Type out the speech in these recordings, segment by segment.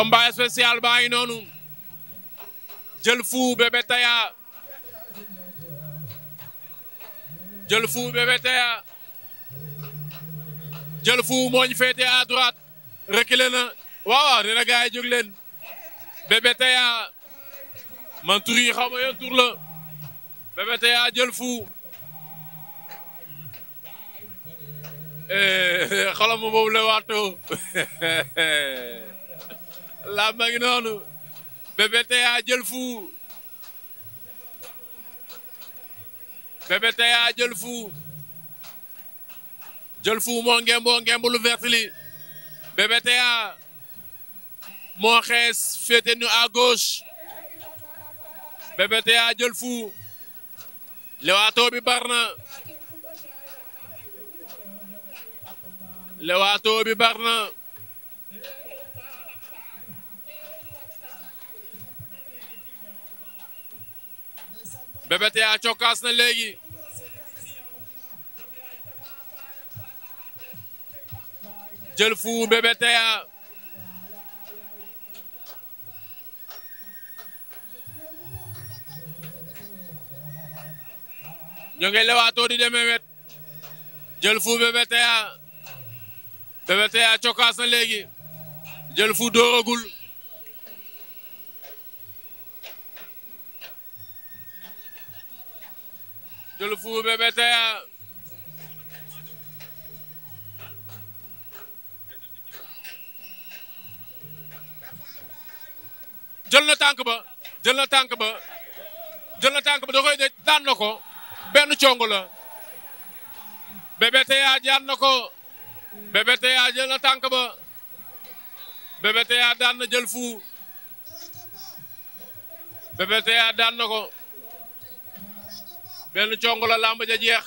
combat spécial baa ngi noonu jël fu bébé Taya jël fu bébé Taya jël fu mooñ féete à droite reculé na waaw waaw dina gaay jóg leen bébé Taya man tur yi xaw ma yoon tur la bébé Taya jël fu eh, xolam ma boobu la waatoo laa ma ngi noonu Bébé Téya jël fu Bébé Téya jël fu jël fu moo ngemboo ngemb lu vert li Bébé Téya moo xees féete ñu à gauche Bébé Téya jël fu lewaatoo bi bar na Bébé Teya cokkaas na léegi fu Bébé Teya ñoo di demee wet jël fu Bébé Teya Bébé fu dooragul Julu fuube jël na tànk ba jël na tànk ba jël na tànk ba da koy dëj daan na ko benn congo la Bébé Teya na ko Bébé Teya jël na tànk ba Bébé Teya daan na jël fuu Bébé daan na ko benn cong la làmb ja jeex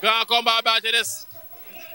grand combat baa ca des